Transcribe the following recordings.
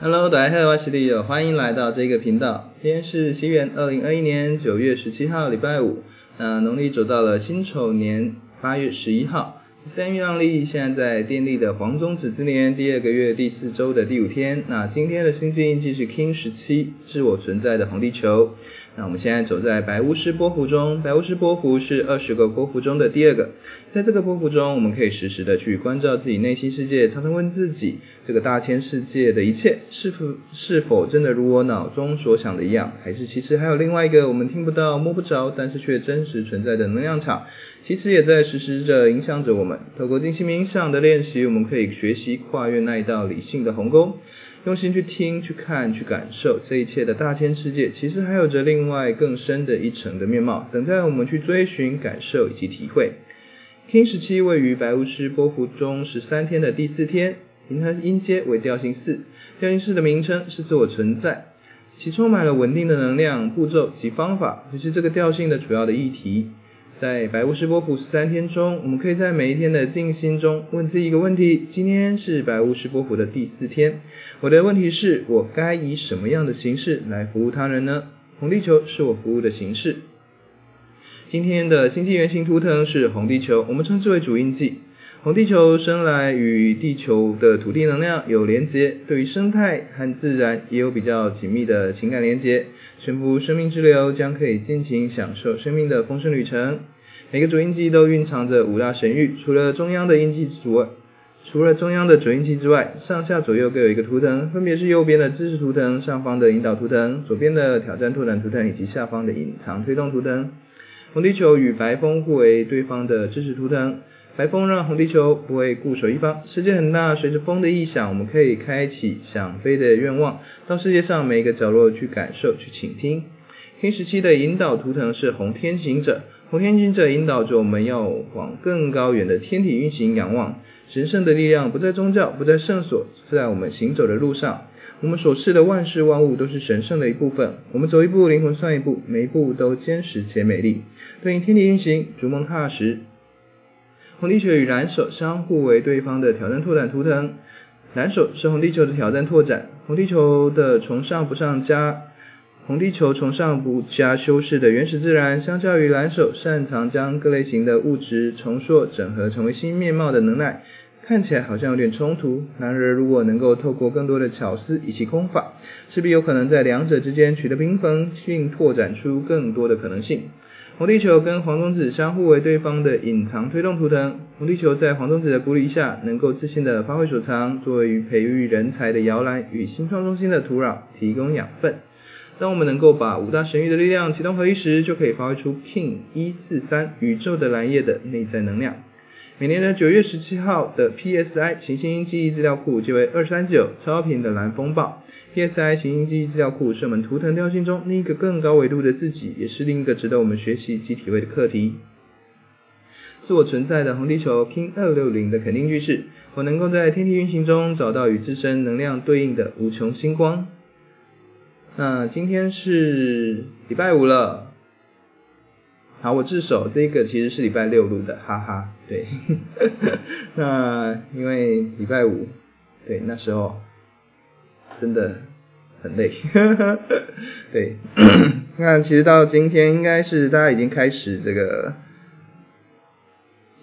哈嘍，大家好，我是李友，歡迎來到這個頻道。今天是西元二零二一年九月十七號，禮拜五。嗯、uh，農曆走到了辛丑年八月十一號。十三月亮曆，現在在電力的黃種子之年第二個月第四周的第五天。那今天的星際印記是 King 17，自我存在的紅地球。那我們現在走在白巫師波符中，白巫師波符是二十個波符中的第二個。在這個波符中，我們可以時時的去關照自己內心世界，常常問自己：這個大千世界的一切，是否是否真的如我腦中所想的一樣？還是其實還有另外一個我們聽不到、摸不着，但是却真實存在的能量場，其實也在時時着影響着我們透過靜心冥想的練習，我們可以學習跨越那一道理性的鴻溝，用心去聽、去看、去感受這一切的大千世界。其實還有着另外更深的一層的面貌，等待我們去追尋、感受以及體會。KIN 17位於白巫師波符中十三天的第四天，它的音階為調性四，調性四的名稱是自我存在，其充滿了穩定的能量步驟及方法，也、就是這個調性的主要的議題。在白巫師波符十三天中，我們可以在每一天的靜心中問自己一個問題：今天是白巫師波符的第四天，我的問題是：我該以什麼樣的形式來服務他人呢？紅地球是我服務的形式。今天的星際原型圖騰是紅地球，我們稱之為主印記。紅地球生來與地球的土地能量有連接，對於生態和自然也有比較緊密的情感連接。全部生命之流將可以盡情享受生命的豐盛旅程。每個主印記都蘊藏着五大神域，除了中央的印記之外，除了中央的主印記之外，上下左右各有一個圖騰，分別是右邊的支持圖騰、上方的引導圖騰、左邊的挑戰拓展圖騰圖以及下方的隱藏推動圖騰。紅地球與白風互為對方的支持圖騰。白風讓紅地球不會固守一方，世界很大，隨着風的異響，我們可以開啟想飛的願望，到世界上每一個角落去感受、去傾聽。KIN 17的引導圖騰是紅天行者，紅天行者引導着我們要往更高遠的天體運行，仰望神聖的力量不在宗教，不在聖所，是在我們行走的路上。我們所視的萬事萬物都是神聖的一部分。我們走一步，靈魂算一步，每一步都堅實且美麗。對應天體運行，逐夢踏實。紅地球與藍手相互為對方的挑戰拓展圖騰，藍手是紅地球的挑戰拓展，紅地球的崇尚不上加，紅地球崇尚不加修飾的原始自然，相較於藍手擅長將各類型的物質重塑整合成為新面貌的能耐，看起來好像有點衝突。然而，如果能夠透過更多的巧思以及空法，勢必有可能在兩者之間取得平衡，並拓展出更多的可能性。紅地球跟黃種子相互為對方的隱藏推動圖騰。紅地球在黃種子的鼓勵下，能夠自信地發揮所長，作為培育人才的搖籃與新創中心的土壤提供養分。當我們能夠把五大神域的力量啟動合一時，就可以發揮出 KIN 一四三宇宙的藍夜的內在能量。每年的九月十七號的 PSI 行星記憶資料庫即為二三九超頻的藍風暴。PSI 行星記憶資料庫是我們圖騰調性中另一個更高維度的自己，也是另一個值得我們學習及體會的課題。自我存在的紅地球 King 二六零的肯定句是，我能夠在天地運行中找到與自身能量對應的無窮星光。那今天是禮拜五了。好，我自首，這個其實是禮拜六錄的，哈哈，對呵呵。那因為禮拜五，對，那時候真的很累，呵呵對咳咳。那其實到今天，應該是大家已經開始這個，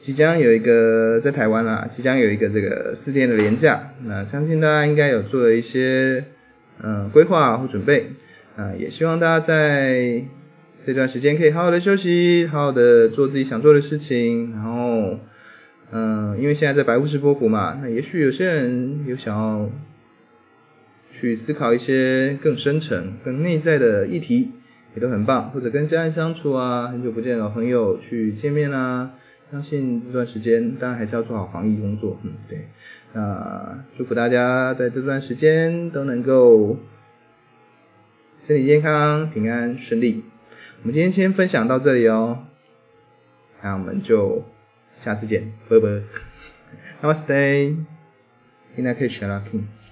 即將有一個在台灣啦，即將有一個這個四天的連假。那相信大家應該有做了一些嗯、呃、規劃或準備，啊，也希望大家在。這段時間可以好好的休息，好好的做自己想做的事情。然後，嗯、呃，因為現在在白巫師波符嘛，那也許有些人有想要去思考一些更深層、更內在的議題，也都很棒。或者跟家人相處啊，很久不見老朋友去見面啊，相信這段時間當然還是要做好防疫工作。嗯，對，那、呃、祝福大家在這段時間都能夠身體健康、平安順利。我們今天先分享到這裡哦，那我們就下次見，拜拜，Namaste, In Lak'ech A La K'in